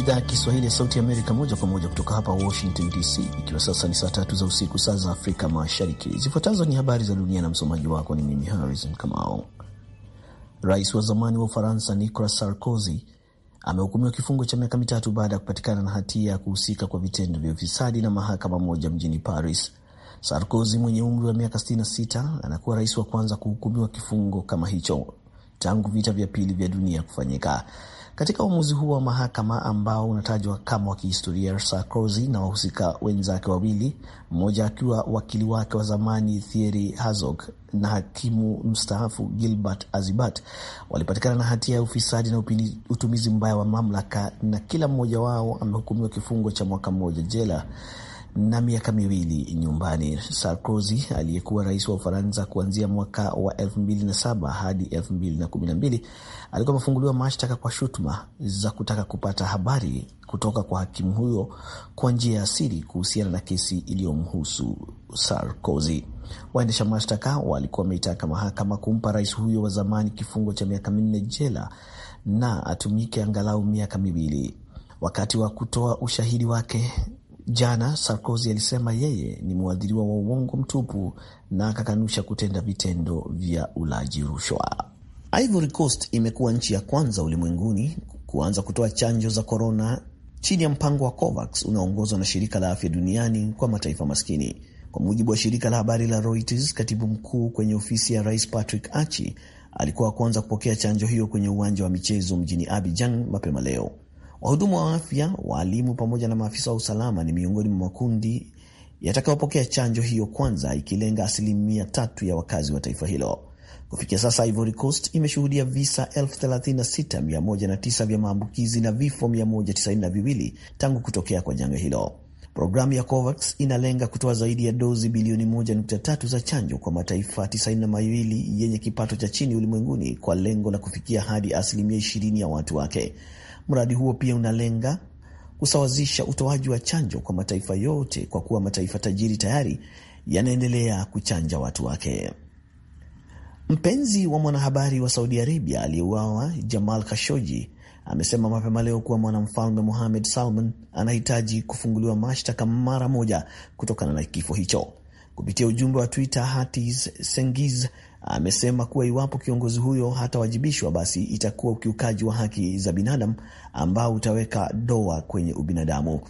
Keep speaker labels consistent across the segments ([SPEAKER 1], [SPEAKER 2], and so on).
[SPEAKER 1] idhaa ya Kiswahili ya Sauti Amerika, moja kwa moja kutoka hapa Washington DC, ikiwa sasa ni saa tatu za usiku, saa za Afrika Mashariki. Zifuatazo ni habari za dunia na msomaji wako ni mimi Harrison Kamao. Rais wa zamani wa Ufaransa Nicolas Sarkozy amehukumiwa kifungo cha miaka mitatu baada ya kupatikana na hatia ya kuhusika kwa vitendo vya ufisadi na mahakama moja mjini Paris. Sarkozy mwenye umri wa miaka 66 anakuwa rais wa kwanza kuhukumiwa kifungo kama hicho tangu vita vya pili vya dunia kufanyika. Katika uamuzi huo wa mahakama ambao unatajwa kama wa kihistoria, Sarkozy na wahusika wenzake wawili, mmoja akiwa wakili wake wa zamani Thierry Herzog na hakimu mstaafu Gilbert Azibat, walipatikana na hatia ya ufisadi na utumizi mbaya wa mamlaka, na kila mmoja wao amehukumiwa kifungo cha mwaka mmoja jela na miaka miwili nyumbani. Sarkozy aliyekuwa rais wa Ufaransa kuanzia mwaka wa 2007 hadi 2012 alikuwa amefunguliwa mashtaka kwa shutuma za kutaka kupata habari kutoka kwa hakimu huyo kwa njia ya siri kuhusiana na kesi iliyomhusu Sarkozy. Waendesha mashtaka walikuwa wameitaka mahakama kumpa rais huyo wa zamani kifungo cha miaka minne jela na atumike angalau miaka miwili. Wakati wa kutoa ushahidi wake Jana Sarkozy alisema yeye ni mwadhiriwa wa uongo mtupu na akakanusha kutenda vitendo vya ulaji rushwa. Ivory Coast imekuwa nchi ya kwanza ulimwenguni kuanza kutoa chanjo za korona chini ya mpango wa COVAX unaoongozwa na shirika la afya duniani kwa mataifa maskini. Kwa mujibu wa shirika la habari la Reuters, katibu mkuu kwenye ofisi ya rais Patrick Achi alikuwa wa kwanza kupokea chanjo hiyo kwenye uwanja wa michezo mjini Abidjan mapema leo. Wahudumu wa afya, waalimu pamoja na maafisa wa usalama ni miongoni mwa makundi yatakayopokea chanjo hiyo kwanza, ikilenga asilimia tatu ya wakazi wa taifa hilo. Kufikia sasa Ivory Coast imeshuhudia visa 36109 vya maambukizi na vifo 192 tangu kutokea kwa janga hilo. Programu ya COVAX inalenga kutoa zaidi ya dozi bilioni 1.3 za chanjo kwa mataifa 92 yenye kipato cha chini ulimwenguni kwa lengo la kufikia hadi asilimia 20 ya watu wake. Mradi huo pia unalenga kusawazisha utoaji wa chanjo kwa mataifa yote kwa kuwa mataifa tajiri tayari yanaendelea kuchanja watu wake. Mpenzi wa mwanahabari wa Saudi Arabia aliyeuawa Jamal Khashoggi amesema mapema leo kuwa mwanamfalme Mohamed Salman anahitaji kufunguliwa mashtaka mara moja kutokana na kifo hicho. Kupitia ujumbe wa Twitter, Hatis Sengiz amesema kuwa iwapo kiongozi huyo hatawajibishwa, basi itakuwa ukiukaji wa haki za binadamu ambao utaweka doa kwenye ubinadamu.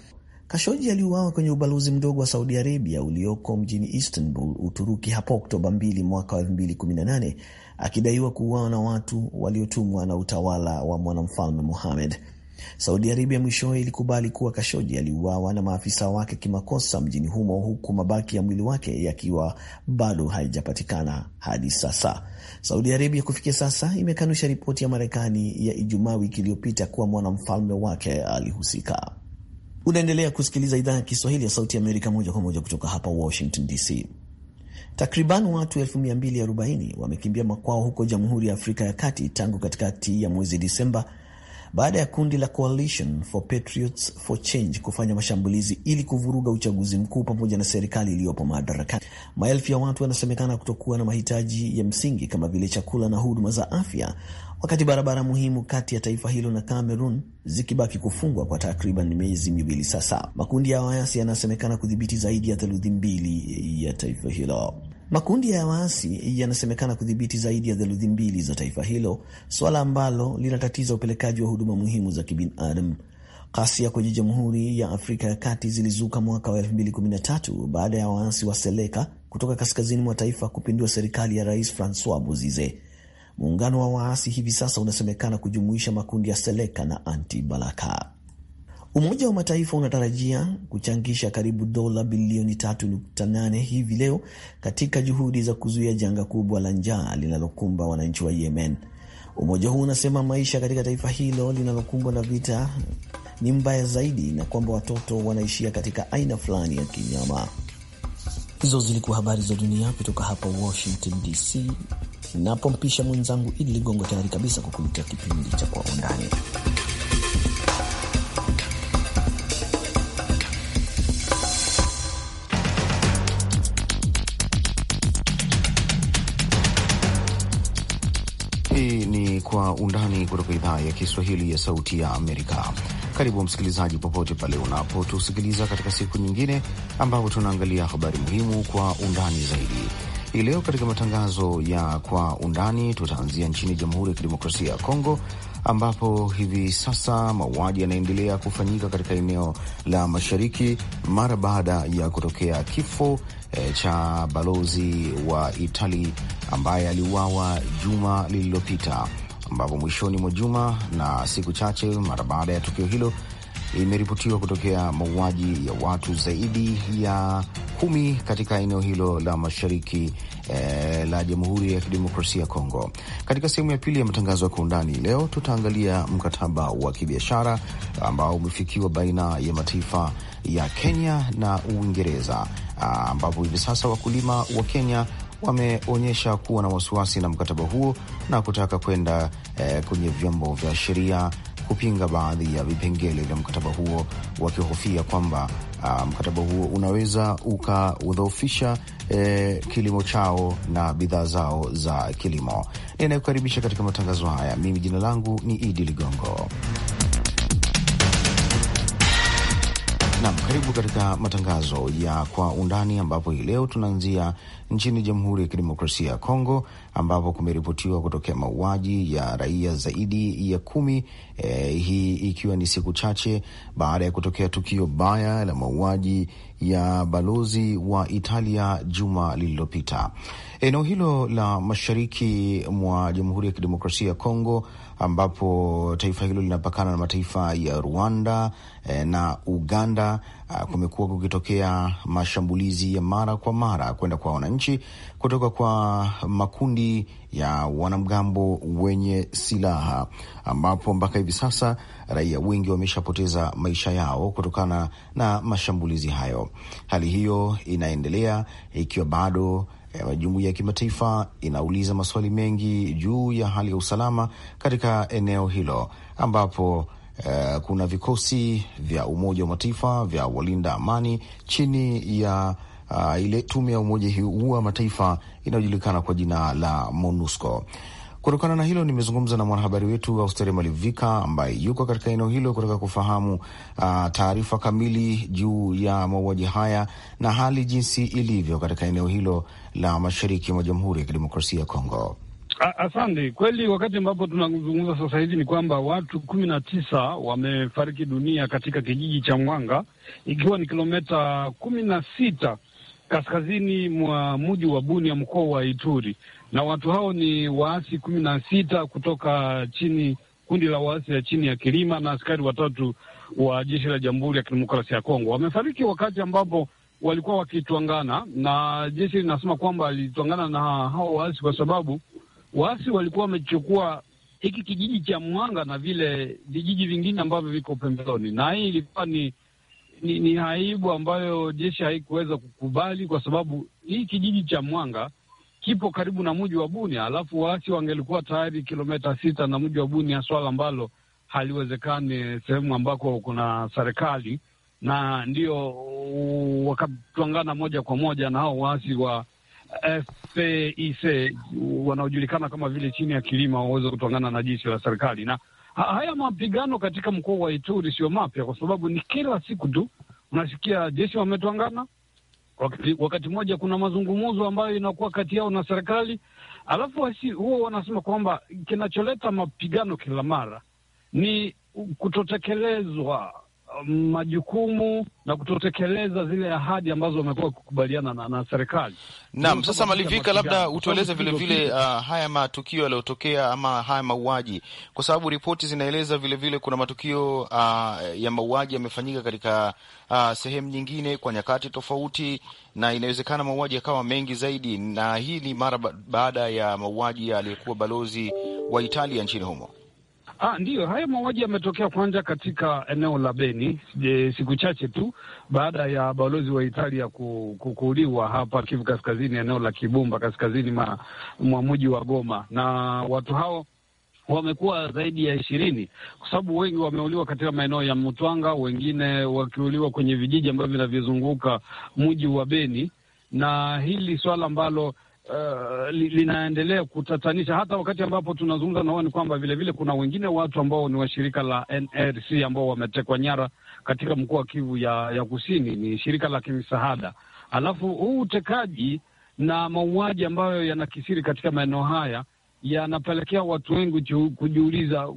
[SPEAKER 1] Kashoji aliuawa kwenye ubalozi mdogo wa Saudi Arabia ulioko mjini Istanbul, Uturuki, hapo Oktoba 2 mwaka wa 2018 akidaiwa kuuawa na watu waliotumwa na utawala wa mwanamfalme Mohamed. Saudi Arabia mwishowe ilikubali kuwa Kashoji aliuawa na maafisa wake kimakosa mjini humo, huku mabaki ya mwili wake yakiwa bado haijapatikana hadi sasa. Saudi Arabia kufikia sasa imekanusha ripoti ya Marekani ya Ijumaa wiki iliyopita kuwa mwanamfalme wake alihusika. Unaendelea kusikiliza idhaa ya Kiswahili ya Sauti Amerika moja kwa moja kutoka hapa Washington DC. Takriban watu 240 wamekimbia makwao huko Jamhuri ya Afrika ya Kati tangu katikati ya mwezi Disemba, baada ya kundi la Coalition for Patriots for Change kufanya mashambulizi ili kuvuruga uchaguzi mkuu pamoja na serikali iliyopo madarakani. Maelfu ya watu wanasemekana kutokuwa na mahitaji ya msingi kama vile chakula na huduma za afya, wakati barabara muhimu kati ya taifa hilo na Cameroon zikibaki kufungwa kwa takriban miezi miwili sasa. Makundi ya waasi yanasemekana kudhibiti zaidi ya theluthi mbili ya taifa hilo. Makundi ya waasi yanasemekana kudhibiti zaidi ya theluthi mbili za taifa hilo, suala ambalo linatatiza upelekaji wa huduma muhimu za kibinadamu. Ghasia kwenye Jamhuri ya Afrika ya Kati zilizuka mwaka wa 2013 baada ya waasi wa Seleka kutoka kaskazini mwa taifa kupindua serikali ya Rais Francois Bozize. Muungano wa waasi hivi sasa unasemekana kujumuisha makundi ya Seleka na Anti Balaka. Umoja wa Mataifa unatarajia kuchangisha karibu dola bilioni 3.8 hivi leo katika juhudi za kuzuia janga kubwa la njaa linalokumba wananchi wa Yemen. Umoja huu unasema maisha katika taifa hilo linalokumbwa na vita ni mbaya zaidi na kwamba watoto wanaishia katika aina fulani ya kinyama. Hizo zilikuwa habari za dunia kutoka hapa Washington DC. Napompisha mwenzangu Idi Ligongo tayari kabisa kukuletea kipindi cha Kwa Undani.
[SPEAKER 2] undani kutoka idhaa ya Kiswahili ya Sauti ya Amerika. Karibu msikilizaji, popote pale unapotusikiliza katika siku nyingine ambapo tunaangalia habari muhimu kwa undani zaidi. Hii leo katika matangazo ya Kwa Undani tutaanzia nchini Jamhuri ya Kidemokrasia ya Kongo ambapo hivi sasa mauaji yanaendelea kufanyika katika eneo la mashariki mara baada ya kutokea kifo e, cha balozi wa Itali ambaye aliuawa juma lililopita ambapo mwishoni mwa juma na siku chache mara baada ya tukio hilo imeripotiwa kutokea mauaji ya watu zaidi ya kumi katika eneo hilo la mashariki eh, la Jamhuri ya Kidemokrasia ya Kongo. Katika sehemu ya pili ya matangazo ya Kwa Undani leo tutaangalia mkataba wa kibiashara ambao umefikiwa baina ya mataifa ya Kenya na Uingereza, ah, ambapo hivi sasa wakulima wa Kenya wameonyesha kuwa na wasiwasi na mkataba huo na kutaka kwenda eh, kwenye vyombo vya sheria kupinga baadhi ya vipengele vya mkataba huo wakihofia kwamba uh, mkataba huo unaweza ukaudhoofisha eh, kilimo chao na bidhaa zao za kilimo. Ninayekukaribisha katika matangazo haya mimi, jina langu ni Idi Ligongo. Nam, karibu katika matangazo ya kwa undani, ambapo hii leo tunaanzia nchini Jamhuri ya Kidemokrasia ya Kongo, ambapo kumeripotiwa kutokea mauaji ya raia zaidi ya kumi, e, hii ikiwa ni siku chache baada ya kutokea tukio baya la mauaji ya balozi wa Italia juma lililopita. Eneo hilo la mashariki mwa Jamhuri ya Kidemokrasia ya Kongo ambapo taifa hilo linapakana na mataifa ya Rwanda e, na Uganda. Ah, kumekuwa kukitokea mashambulizi ya mara kwa mara kwenda kwa wananchi kutoka kwa makundi ya wanamgambo wenye silaha, ambapo mpaka hivi sasa raia wengi wameshapoteza maisha yao kutokana na mashambulizi hayo. Hali hiyo inaendelea ikiwa bado e, eh, jumuiya ya kimataifa inauliza maswali mengi juu ya hali ya usalama katika eneo hilo ambapo Uh, kuna vikosi vya Umoja wa Mataifa vya walinda amani chini ya uh, ile tume ya Umoja wa Mataifa inayojulikana kwa jina la MONUSCO. Kutokana na hilo, nimezungumza na mwanahabari wetu Austeri Malivika ambaye yuko katika eneo hilo kutaka kufahamu uh, taarifa kamili juu ya mauaji haya na hali jinsi ilivyo katika eneo hilo la mashariki mwa Jamhuri ya Kidemokrasia ya Kongo.
[SPEAKER 3] Asante. Kweli, wakati ambapo tunazungumza sasa hivi ni kwamba watu kumi na tisa wamefariki dunia katika kijiji cha Mwanga, ikiwa ni kilometa kumi na sita kaskazini mwa mji wa Bunia, mkoa wa Ituri na watu hao ni waasi kumi na sita kutoka chini kundi la waasi ya chini ya kilima na askari watatu wa jeshi la Jamhuri ya Kidemokrasia ya Kongo wamefariki wakati ambapo walikuwa wakitwangana, na jeshi linasema kwamba lilitwangana na hao waasi kwa sababu waasi walikuwa wamechukua hiki kijiji cha Mwanga na vile vijiji vingine ambavyo viko pembezoni, na hii ilikuwa ni, ni, ni aibu ambayo jeshi haikuweza kukubali, kwa sababu hii kijiji cha Mwanga kipo karibu na mji wa Bunia, alafu waasi wangelikuwa tayari kilomita sita na mji wa Bunia, swala ambalo haliwezekani sehemu ambako kuna serikali, na ndio wakatwangana moja kwa moja na hao waasi wa FPIC wanaojulikana kama vile chini ya kilima, waweze kutwangana na jeshi la serikali. Na haya mapigano katika mkoa wa Ituri sio mapya, kwa sababu ni kila siku tu unasikia jeshi wametwangana wakati, wakati mmoja kuna mazungumzo ambayo inakuwa kati yao na serikali, alafu wasi huo wanasema kwamba kinacholeta mapigano kila mara ni kutotekelezwa majukumu na kutotekeleza zile ahadi ambazo wamekuwa kukubaliana na, na serikali. Naam, sasa Malivika, labda utueleze vilevile uh,
[SPEAKER 2] haya matukio yaliyotokea ama haya mauaji, kwa sababu ripoti zinaeleza vilevile vile kuna matukio uh, ya mauaji yamefanyika katika uh, sehemu nyingine kwa nyakati tofauti, na inawezekana mauaji yakawa mengi zaidi, na hii ni mara baada ya mauaji aliyekuwa balozi wa Italia nchini humo.
[SPEAKER 3] Ah, ndiyo, haya mauaji yametokea kwanza katika eneo la Beni e, siku chache tu baada ya balozi wa Italia kukuliwa hapa Kivu Kaskazini, eneo la Kibumba, kaskazini mwa mji wa Goma, na watu hao wamekuwa zaidi ya ishirini kwa sababu wengi wameuliwa katika maeneo ya mtwanga wengine wakiuliwa kwenye vijiji ambavyo vinavyozunguka mji wa Beni, na hili swala ambalo uh, linaendelea kutatanisha. Hata wakati ambapo tunazungumza nao, ni kwamba vilevile kuna wengine watu ambao ni wa shirika la NRC ambao wametekwa nyara katika mkoa wa Kivu ya, ya Kusini, ni shirika la kimsaada. Alafu huu utekaji na mauaji ambayo yanakisiri katika maeneo haya yanapelekea watu wengi kujiuliza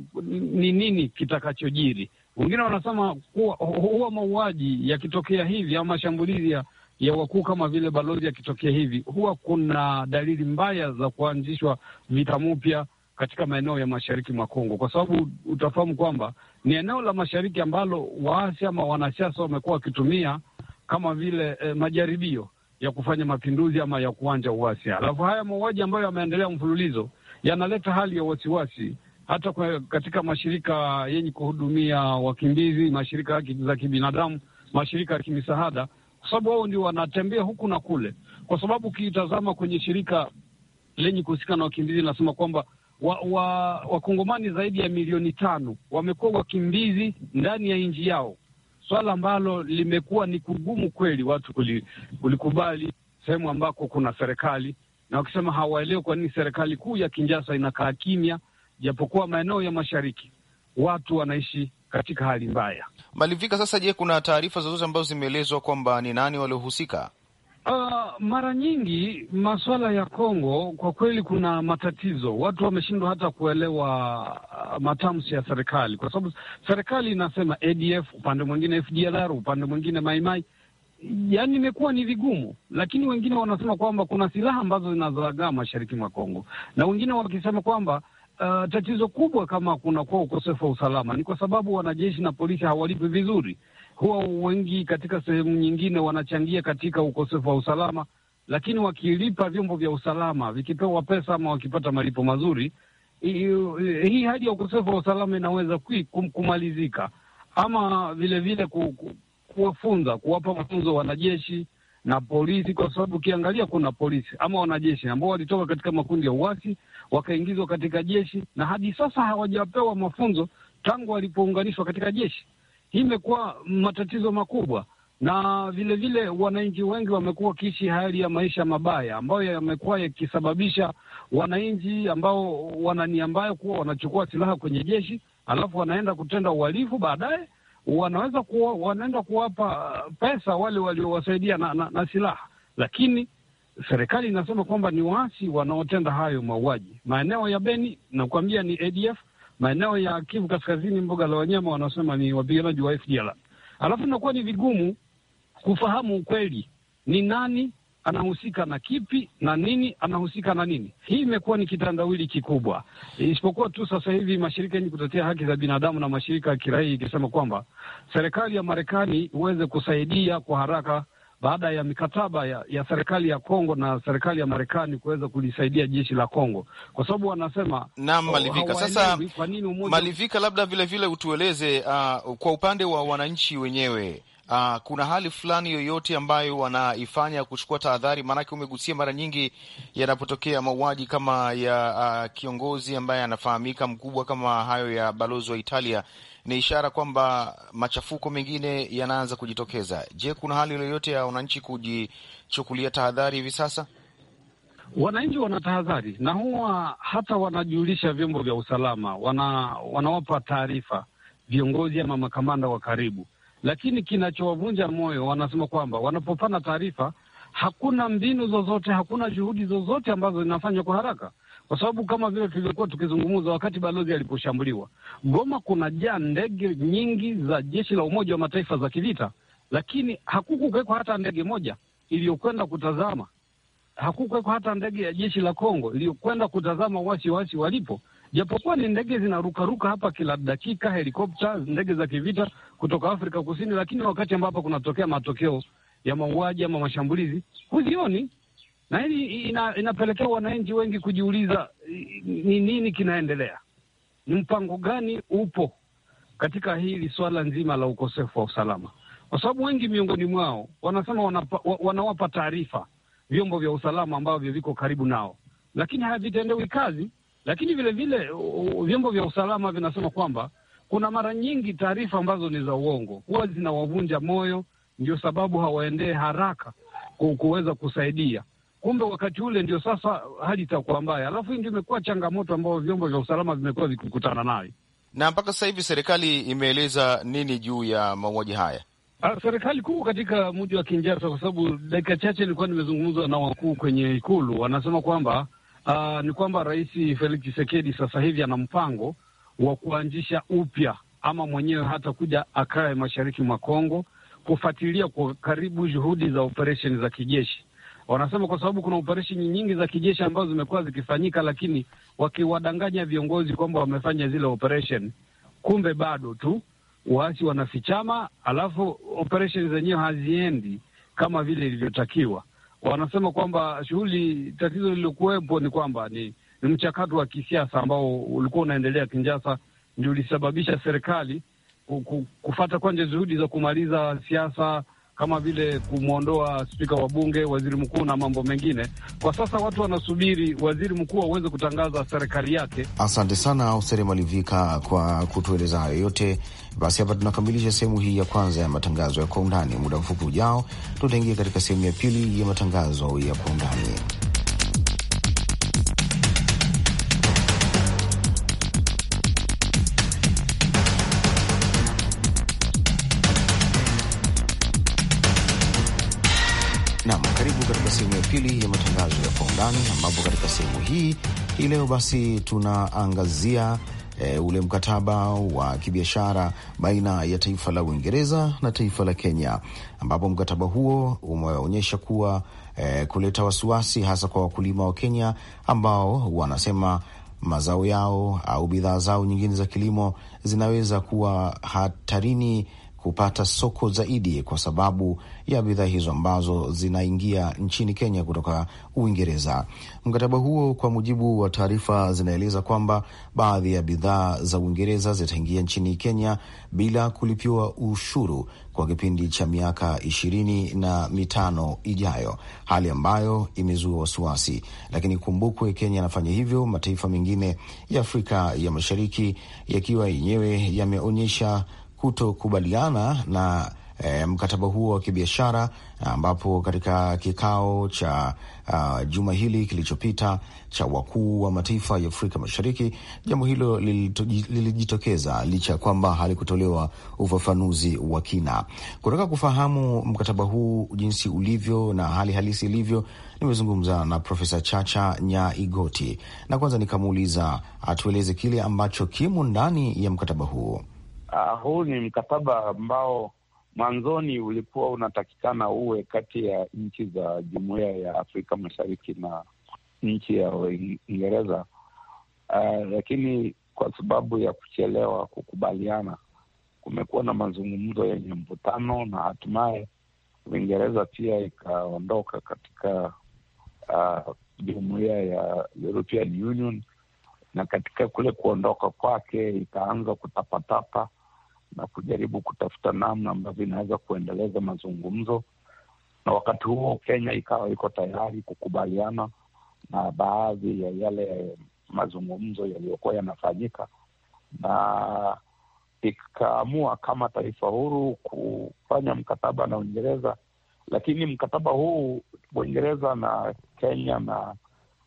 [SPEAKER 3] ni nini kitakachojiri. Wengine wanasema kuwa huwa mauaji yakitokea hivi ama mashambulizi ya ya wakuu kama vile balozi akitokea hivi, huwa kuna dalili mbaya za kuanzishwa vita mpya katika maeneo ya mashariki mwa Kongo, kwa sababu utafahamu kwamba ni eneo la mashariki ambalo waasi ama wanasiasa wamekuwa wakitumia kama vile eh, majaribio ya kufanya mapinduzi ama ya kuanja uasi. Alafu haya mauaji ambayo yameendelea mfululizo yanaleta hali ya wasiwasi hata kwa katika mashirika yenye kuhudumia wakimbizi, mashirika za kibinadamu, mashirika ya kimisaada kwa sababu wao ndio wanatembea huku na kule, kwa sababu ukitazama kwenye shirika lenye kuhusika na wakimbizi linasema kwamba wakongomani wa, wa zaidi ya milioni tano wamekuwa wakimbizi ndani ya nchi yao, swala ambalo limekuwa ni kugumu kweli watu kulikubali, sehemu ambako kuna serikali na wakisema hawaelewi kwa nini serikali kuu ya kinjasa inakaa kimya, japokuwa maeneo ya mashariki watu wanaishi katika hali
[SPEAKER 2] mbaya. Malivika, sasa je, kuna taarifa zozote ambazo zimeelezwa kwamba ni nani waliohusika?
[SPEAKER 3] Uh, mara nyingi masuala ya Kongo kwa kweli kuna matatizo. Watu wameshindwa hata kuelewa ah, matamshi ya serikali, kwa sababu serikali inasema ADF, upande mwingine FDLR, upande mwingine maimai, yaani imekuwa ni vigumu. Lakini wengine wanasema kwamba kuna silaha ambazo zinazoagaa mashariki mwa Kongo, na wengine wakisema kwamba Uh, tatizo kubwa kama kunakuwa ukosefu wa usalama ni kwa sababu wanajeshi na polisi hawalipi vizuri. Huwa wengi katika sehemu nyingine wanachangia katika ukosefu wa usalama, lakini wakilipa vyombo vya usalama vikipewa pesa ama wakipata malipo mazuri, hii hali ya ukosefu wa usalama inaweza kum, kumalizika ama vilevile ku, ku, kuwafunza kuwapa mafunzo wanajeshi na polisi, kwa sababu ukiangalia kuna polisi ama wanajeshi ambao walitoka katika makundi ya uasi wakaingizwa katika jeshi na hadi sasa hawajapewa mafunzo tangu walipounganishwa katika jeshi. Hii imekuwa matatizo makubwa, na vilevile wananchi wengi wamekuwa wakiishi hali ya maisha mabaya ambayo yamekuwa yakisababisha wananchi ambao wananiambaya kuwa wanachukua silaha kwenye jeshi alafu wanaenda kutenda uhalifu baadaye wanaweza kuwa, wanaenda kuwapa pesa wale waliowasaidia na, na, na silaha, lakini serikali inasema kwamba ni waasi wanaotenda hayo mauaji maeneo ya Beni. Nakuambia ni ADF maeneo ya Kivu Kaskazini, mbuga la wanyama, wanasema ni wapiganaji wa FDLR. Alafu inakuwa ni vigumu kufahamu ukweli ni nani anahusika na kipi na nini, anahusika na nini. Hii imekuwa ni kitandawili kikubwa, isipokuwa tu sasa hivi mashirika yenye kutetea haki za binadamu na mashirika ya kiraia ikisema kwamba serikali ya Marekani iweze kusaidia kwa haraka baada ya mikataba ya, ya serikali ya Kongo na serikali ya Marekani kuweza kulisaidia jeshi la Kongo kwa sababu wanasema naam. Oh, Malivika, sasa Malivika,
[SPEAKER 2] labda vilevile utueleze uh, kwa upande wa wananchi wenyewe Uh, kuna hali fulani yoyote ambayo wanaifanya kuchukua tahadhari? Maanake umegusia mara nyingi yanapotokea mauaji kama ya uh, kiongozi ambaye anafahamika mkubwa kama hayo ya balozi wa Italia, ni ishara kwamba machafuko mengine yanaanza kujitokeza. Je, kuna hali yoyote ya wananchi kujichukulia tahadhari hivi sasa?
[SPEAKER 3] Wananchi wana tahadhari na huwa hata wanajulisha vyombo vya usalama, wana, wanawapa taarifa viongozi ama makamanda wa karibu lakini kinachowavunja moyo, wanasema kwamba wanapopana taarifa hakuna mbinu zozote, hakuna juhudi zozote ambazo zinafanywa kwa haraka, kwa sababu kama vile tulivyokuwa tukizungumza wakati balozi aliposhambuliwa Goma, kunajaa ndege nyingi za jeshi la Umoja wa Mataifa za kivita, lakini hakukuwekwa hata ndege moja iliyokwenda kutazama hakukuwekwa hata ndege ya jeshi la Kongo iliyokwenda kutazama wasiwasi wasi walipo japokuwa ni ndege zinarukaruka hapa kila dakika, helikopta, ndege za kivita kutoka Afrika Kusini, lakini wakati ambapo kunatokea matokeo ya mauaji ama mashambulizi huzioni, na hili ina, inapelekea wananchi wengi kujiuliza ni nini kinaendelea, ni mpango gani upo katika hili swala nzima la ukosefu wa usalama, kwa sababu wengi miongoni mwao wanasema wanapa, wanawapa taarifa vyombo vya usalama ambavyo viko karibu nao, lakini havitendewi kazi. Lakini vile vile vyombo vya usalama vinasema kwamba kuna mara nyingi taarifa ambazo ni za uongo huwa zinawavunja moyo, ndio sababu hawaendee haraka kuweza kusaidia. Kumbe wakati ule ndio sasa hali itakuwa mbaya, alafu hii ndio imekuwa changamoto ambayo vyombo vya usalama vimekuwa vikikutana
[SPEAKER 2] nayo. Na mpaka sasa hivi serikali imeeleza nini juu ya mauaji haya?
[SPEAKER 3] Ah, serikali kuu katika mji wa kinjasa kwa sababu dakika chache nilikuwa nimezungumza na wakuu kwenye Ikulu, wanasema kwamba uh, ni kwamba Rais Felix Tshisekedi sasa hivi ana mpango wa kuanzisha upya ama mwenyewe hata kuja akae mashariki mwa Kongo kufuatilia kwa karibu juhudi za operesheni za kijeshi. Wanasema kwa sababu kuna operesheni nyingi za kijeshi ambazo zimekuwa zikifanyika, lakini wakiwadanganya viongozi kwamba wamefanya zile operesheni, kumbe bado tu waasi wanafichama, alafu operesheni zenyewe haziendi kama vile ilivyotakiwa wanasema kwamba shughuli, tatizo lililokuwepo ni kwamba ni, ni mchakato wa kisiasa ambao ulikuwa unaendelea kinjasa ndio ulisababisha serikali kufata kwanja juhudi za kumaliza siasa kama vile kumwondoa spika wa bunge, waziri mkuu na mambo mengine. Kwa sasa watu wanasubiri waziri mkuu aweze kutangaza serikali yake.
[SPEAKER 2] Asante sana Usere Malivika kwa kutueleza hayo yote. Basi hapa tunakamilisha sehemu hii ya kwanza ya matangazo ya kwa undani. Muda mfupi ujao, tutaingia katika sehemu ya pili ya matangazo ya kwa undani. Undani, ambapo katika sehemu hii hii leo basi tunaangazia E, ule mkataba wa kibiashara baina ya taifa la Uingereza na taifa la Kenya ambapo mkataba huo umeonyesha kuwa e, kuleta wasiwasi hasa kwa wakulima wa Kenya ambao wanasema mazao yao au bidhaa zao nyingine za kilimo zinaweza kuwa hatarini kupata soko zaidi kwa sababu ya bidhaa hizo ambazo zinaingia nchini Kenya kutoka Uingereza. Mkataba huo kwa mujibu wa taarifa zinaeleza kwamba baadhi ya bidhaa za Uingereza zitaingia nchini Kenya bila kulipiwa ushuru kwa kipindi cha miaka ishirini na mitano ijayo, hali ambayo imezua wasiwasi. Lakini kumbukwe, Kenya anafanya hivyo, mataifa mengine ya Afrika ya Mashariki yakiwa yenyewe yameonyesha kutokubaliana na E, mkataba huo wa kibiashara ambapo katika kikao cha uh, juma hili kilichopita cha wakuu wa mataifa ya Afrika Mashariki jambo hilo lilijitokeza licha ya kwamba halikutolewa ufafanuzi wa kina. Kutaka kufahamu mkataba huu jinsi ulivyo na hali halisi ilivyo, nimezungumza na Profesa Chacha Nyaigoti na kwanza nikamuuliza atueleze kile ambacho kimo ndani ya mkataba huo.
[SPEAKER 3] Uh, huu ni mkataba
[SPEAKER 4] ambao mwanzoni ulikuwa unatakikana uwe kati ya nchi za Jumuiya ya Afrika Mashariki na nchi ya Uingereza, uh, lakini kwa sababu ya kuchelewa kukubaliana, kumekuwa na mazungumzo yenye mvutano na hatimaye Uingereza pia ikaondoka katika uh, ya European Union, na katika kule kuondoka kwake ikaanza kutapatapa na kujaribu kutafuta namna ambavyo inaweza kuendeleza mazungumzo, na wakati huo Kenya ikawa iko tayari kukubaliana na baadhi ya yale mazungumzo yaliyokuwa yanafanyika, na ikaamua kama taifa huru kufanya mkataba na Uingereza. Lakini mkataba huu Uingereza na Kenya na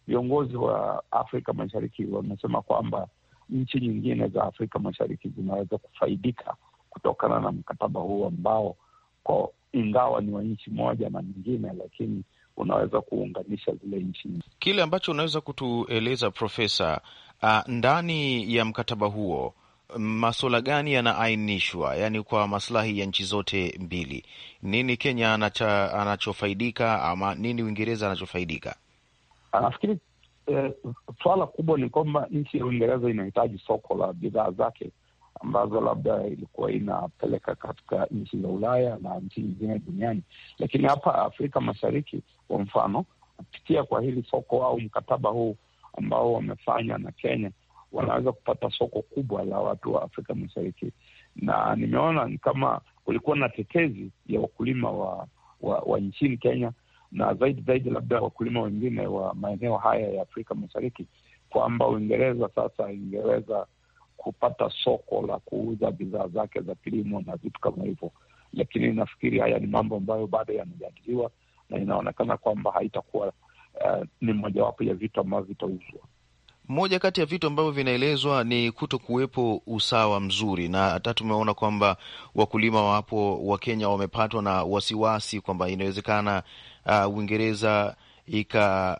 [SPEAKER 4] viongozi wa Afrika Mashariki wamesema kwamba nchi nyingine za Afrika Mashariki zinaweza kufaidika kutokana na mkataba huu ambao kwa ingawa ni wa nchi moja na nyingine, lakini unaweza kuunganisha zile nchi.
[SPEAKER 2] Kile ambacho unaweza kutueleza Profesa, uh, ndani ya mkataba huo masuala gani yanaainishwa, yaani kwa maslahi ya nchi zote mbili? Nini Kenya anacha, anachofaidika ama nini Uingereza anachofaidika?
[SPEAKER 4] Nafikiri eh, swala kubwa ni kwamba nchi ya Uingereza inahitaji soko la bidhaa zake ambazo labda ilikuwa inapeleka katika nchi za Ulaya na nchi nyingine duniani, lakini hapa Afrika Mashariki kwa mfano, kupitia kwa hili soko au mkataba huu ambao wamefanya na Kenya, wanaweza kupata soko kubwa la watu wa Afrika Mashariki. Na nimeona ni kama kulikuwa na tetezi ya wakulima wa, wa, wa nchini Kenya na zaidi zaidi, labda wakulima wengine wa maeneo haya ya Afrika Mashariki, kwamba Uingereza sasa ingeweza kupata soko la kuuza bidhaa zake za kilimo na vitu kama hivyo. Lakini nafikiri haya ni mambo ambayo bado yanajadiliwa na inaonekana kwamba haitakuwa uh, ni mojawapo ya vitu ambavyo vitauzwa.
[SPEAKER 2] Moja kati ya vitu ambavyo vinaelezwa ni kuto kuwepo usawa mzuri, na hata tumeona kwamba wakulima wapo wa Kenya wamepatwa na wasiwasi kwamba inawezekana uh, Uingereza ika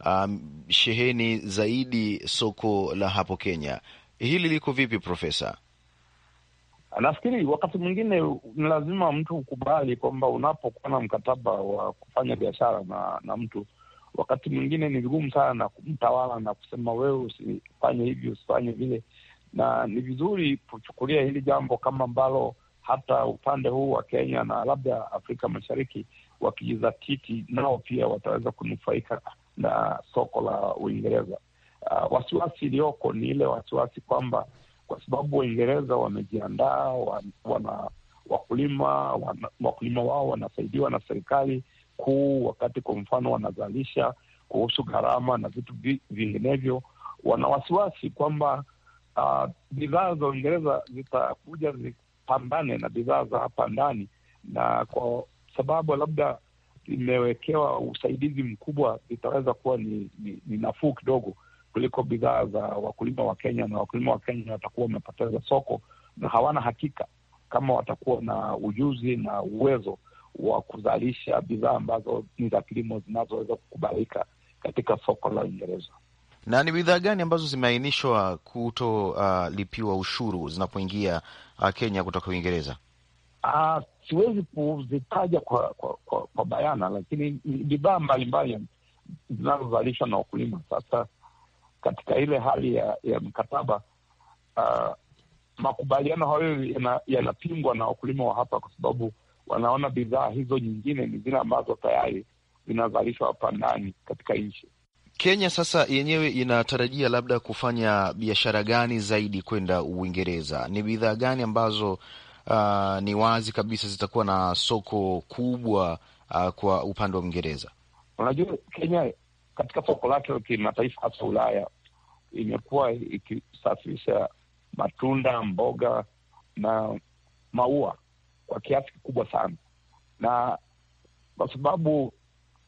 [SPEAKER 2] uh, um, sheheni zaidi soko la hapo Kenya. Hili liko vipi, Profesa?
[SPEAKER 4] Nafikiri wakati mwingine ni lazima mtu ukubali kwamba unapokuwa na mkataba wa kufanya biashara na, na mtu Wakati mwingine ni vigumu sana na kumtawala na kusema wewe usifanye hivi usifanye vile, na ni vizuri kuchukulia hili jambo kama ambalo hata upande huu wa Kenya na labda Afrika Mashariki wakijizatiti nao pia wataweza kunufaika na soko la Uingereza. Uh, wasiwasi iliyoko ni ile wasiwasi kwamba kwa sababu Waingereza wamejiandaa, wana wakulima wana, wakulima wao wanasaidiwa na serikali kuu, wakati kwa mfano wanazalisha kuhusu gharama na vitu vinginevyo, wana wasiwasi kwamba ah, bidhaa za Uingereza zitakuja zipambane na bidhaa za hapa ndani, na kwa sababu labda imewekewa usaidizi mkubwa itaweza kuwa ni, ni, ni nafuu kidogo kuliko bidhaa za wakulima wa Kenya, na wakulima wa Kenya watakuwa wamepoteza soko na hawana hakika kama watakuwa na ujuzi na uwezo wa kuzalisha bidhaa ambazo ni za kilimo zinazoweza kukubalika katika soko la Uingereza.
[SPEAKER 2] Na ni bidhaa gani ambazo zimeainishwa kutolipiwa uh, ushuru zinapoingia uh, Kenya kutoka Uingereza?
[SPEAKER 4] Uh, siwezi kuzitaja kwa, kwa, kwa, kwa bayana, lakini bidhaa mbalimbali zinazozalishwa na wakulima sasa katika ile hali ya, ya mkataba uh, makubaliano hayo yanapingwa na wakulima wa hapa kwa sababu wanaona bidhaa hizo nyingine ni zile ambazo tayari zinazalishwa hapa ndani katika nchi.
[SPEAKER 2] Kenya sasa yenyewe inatarajia labda kufanya biashara gani zaidi kwenda Uingereza? Ni bidhaa gani ambazo uh, ni wazi kabisa zitakuwa na soko kubwa uh, kwa upande wa Uingereza?
[SPEAKER 4] Unajua, Kenya katika soko lake la kimataifa hasa Ulaya imekuwa ikisafirisha matunda, mboga na maua kwa kiasi kikubwa sana, na kwa sababu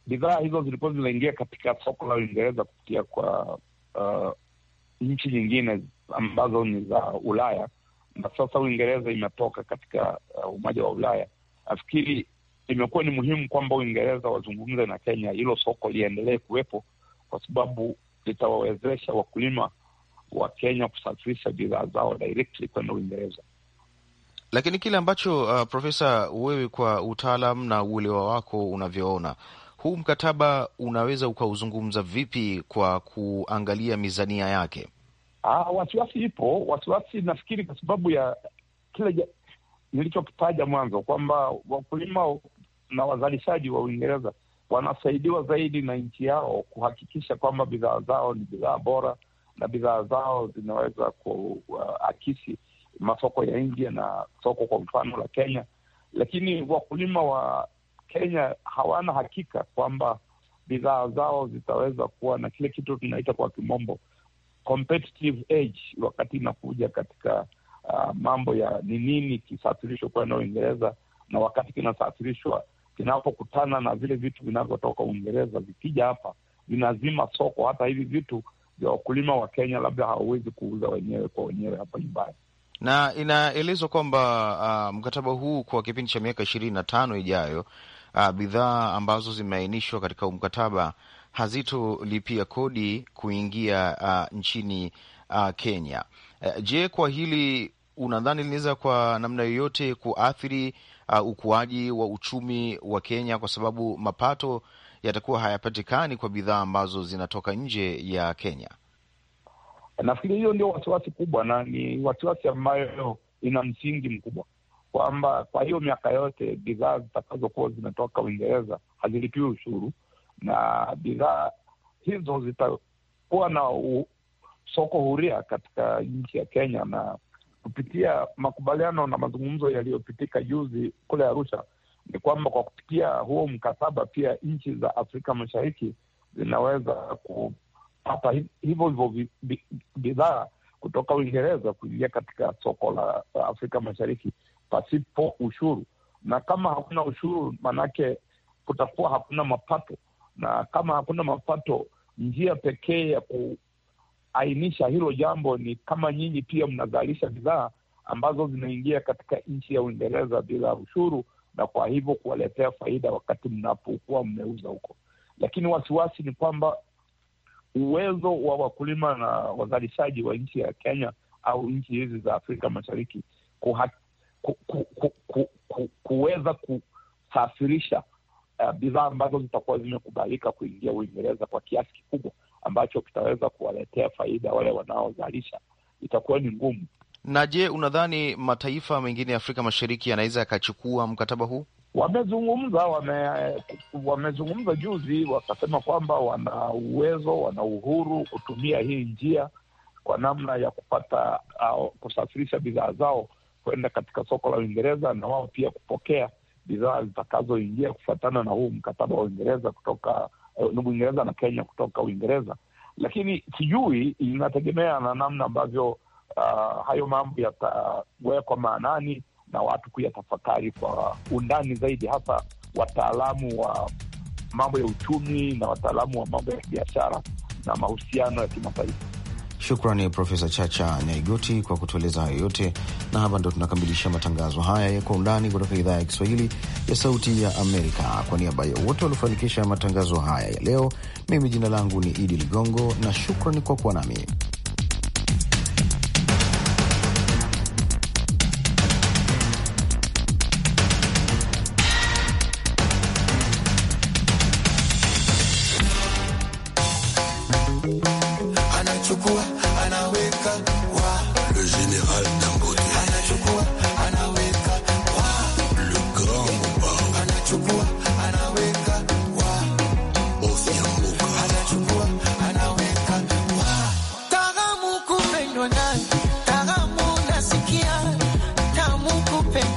[SPEAKER 4] bidhaa hizo zilikuwa zinaingia katika soko la Uingereza kupitia kwa uh, nchi nyingine ambazo ni za Ulaya, na sasa Uingereza imetoka katika uh, umoja wa Ulaya. Nafikiri imekuwa ni muhimu kwamba Uingereza wazungumze na Kenya, hilo soko liendelee kuwepo kwa sababu litawawezesha wakulima wa Kenya kusafirisha bidhaa zao directly kwenda Uingereza.
[SPEAKER 2] Lakini kile ambacho uh, Profesa, wewe kwa utaalam na uelewa wako unavyoona huu mkataba unaweza ukauzungumza vipi kwa kuangalia mizania yake?
[SPEAKER 4] Ah, wasiwasi ipo, wasiwasi nafikiri kwa sababu ya kile nilichokitaja mwanzo kwamba wakulima na wazalishaji wa Uingereza wanasaidiwa zaidi na nchi yao kuhakikisha kwamba bidhaa zao ni bidhaa bora na bidhaa zao zinaweza kuakisi uh, masoko ya India na soko kwa mfano la Kenya, lakini wakulima wa Kenya hawana hakika kwamba bidhaa zao zitaweza kuwa na kile kitu tunaita kwa kimombo competitive edge wakati inakuja katika uh, mambo ya ni nini kisafirishwa kwenda Uingereza na wakati kinasafirishwa kinapokutana na vile vitu vinavyotoka Uingereza vikija hapa vinazima soko. Hata hivi vitu vya wakulima wa Kenya labda hawawezi kuuza wenyewe kwa wenyewe hapa nyumbani
[SPEAKER 2] na inaelezwa kwamba uh, mkataba huu kwa kipindi cha miaka ishirini na tano ijayo, uh, bidhaa ambazo zimeainishwa katika mkataba hazitolipia kodi kuingia uh, nchini uh, Kenya. Uh, je, kwa hili unadhani linaweza kwa namna yoyote kuathiri uh, ukuaji wa uchumi wa Kenya kwa sababu mapato yatakuwa hayapatikani kwa bidhaa ambazo zinatoka nje ya Kenya?
[SPEAKER 4] Nafikiri hiyo ndio wasiwasi kubwa, na ni wasiwasi ambayo ina msingi mkubwa kwamba kwa hiyo miaka yote bidhaa zitakazokuwa zimetoka Uingereza hazilipiwi ushuru na bidhaa hizo zitakuwa na u, soko huria katika nchi ya Kenya, na kupitia makubaliano na mazungumzo yaliyopitika juzi kule Arusha ni kwamba kwa kupitia huo mkataba pia nchi za Afrika Mashariki zinaweza ku kupata hivyo hivyo bidhaa kutoka Uingereza kuingia katika soko la Afrika Mashariki pasipo ushuru, na kama hakuna ushuru, maanake kutakuwa hakuna mapato, na kama hakuna mapato, njia pekee ya kuainisha hilo jambo ni kama nyinyi pia mnazalisha bidhaa ambazo zinaingia katika nchi ya Uingereza bila ushuru, na kwa hivyo kuwaletea faida wakati mnapokuwa mmeuza huko. Lakini wasiwasi ni kwamba uwezo wa wakulima na wazalishaji wa nchi ya Kenya au nchi hizi za Afrika Mashariki kuweza ku, ku, ku, ku, ku, kuweza kusafirisha uh, bidhaa ambazo zitakuwa zimekubalika kuingia Uingereza kwa kiasi kikubwa ambacho kitaweza kuwaletea faida wale wanaozalisha, itakuwa ni ngumu.
[SPEAKER 2] Na je, unadhani mataifa mengine ya Afrika Mashariki yanaweza yakachukua mkataba huu?
[SPEAKER 4] wamezungumza wame, wamezungumza juzi wakasema kwamba wana uwezo, wana uhuru kutumia hii njia kwa namna ya kupata au kusafirisha bidhaa zao kwenda katika soko la Uingereza na wao pia kupokea bidhaa zitakazoingia kufuatana na huu mkataba wa Uingereza kutoka eh, Uingereza na Kenya kutoka Uingereza, lakini sijui, inategemea na namna ambavyo uh, hayo mambo yatawekwa maanani na watu kuyatafakari kwa undani zaidi, hasa wataalamu wa mambo ya uchumi na wataalamu wa mambo ya biashara na mahusiano ya kimataifa.
[SPEAKER 2] Shukrani Profesa Chacha Nyaigoti kwa kutueleza hayo yote, na hapa ndo tunakamilisha matangazo haya ya Kwa Undani kutoka idhaa ya Kiswahili ya Sauti ya Amerika. Kwa niaba ya wote waliofanikisha matangazo haya ya leo, mimi jina langu ni Idi Ligongo na shukrani kwa kuwa nami.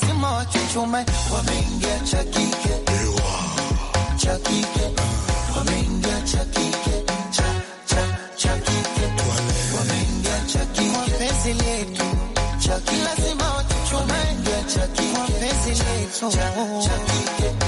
[SPEAKER 2] lazima wachuchume,
[SPEAKER 4] wameingia cha kike cha kike, wameingia cha kike cha kike, wameingia
[SPEAKER 2] cha kike, wapenzi letu cha kike, lazima wachuchume, wameingia cha kike cha kike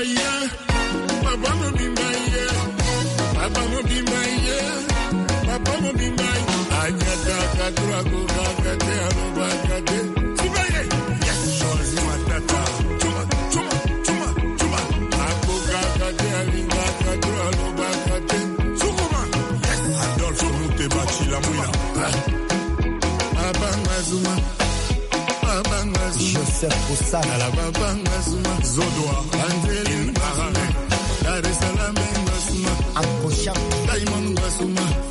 [SPEAKER 4] yeah.
[SPEAKER 2] joseph bosanala babanga suma zodwa angelin barame dar esalame ngasuma akosha daimon ngasuma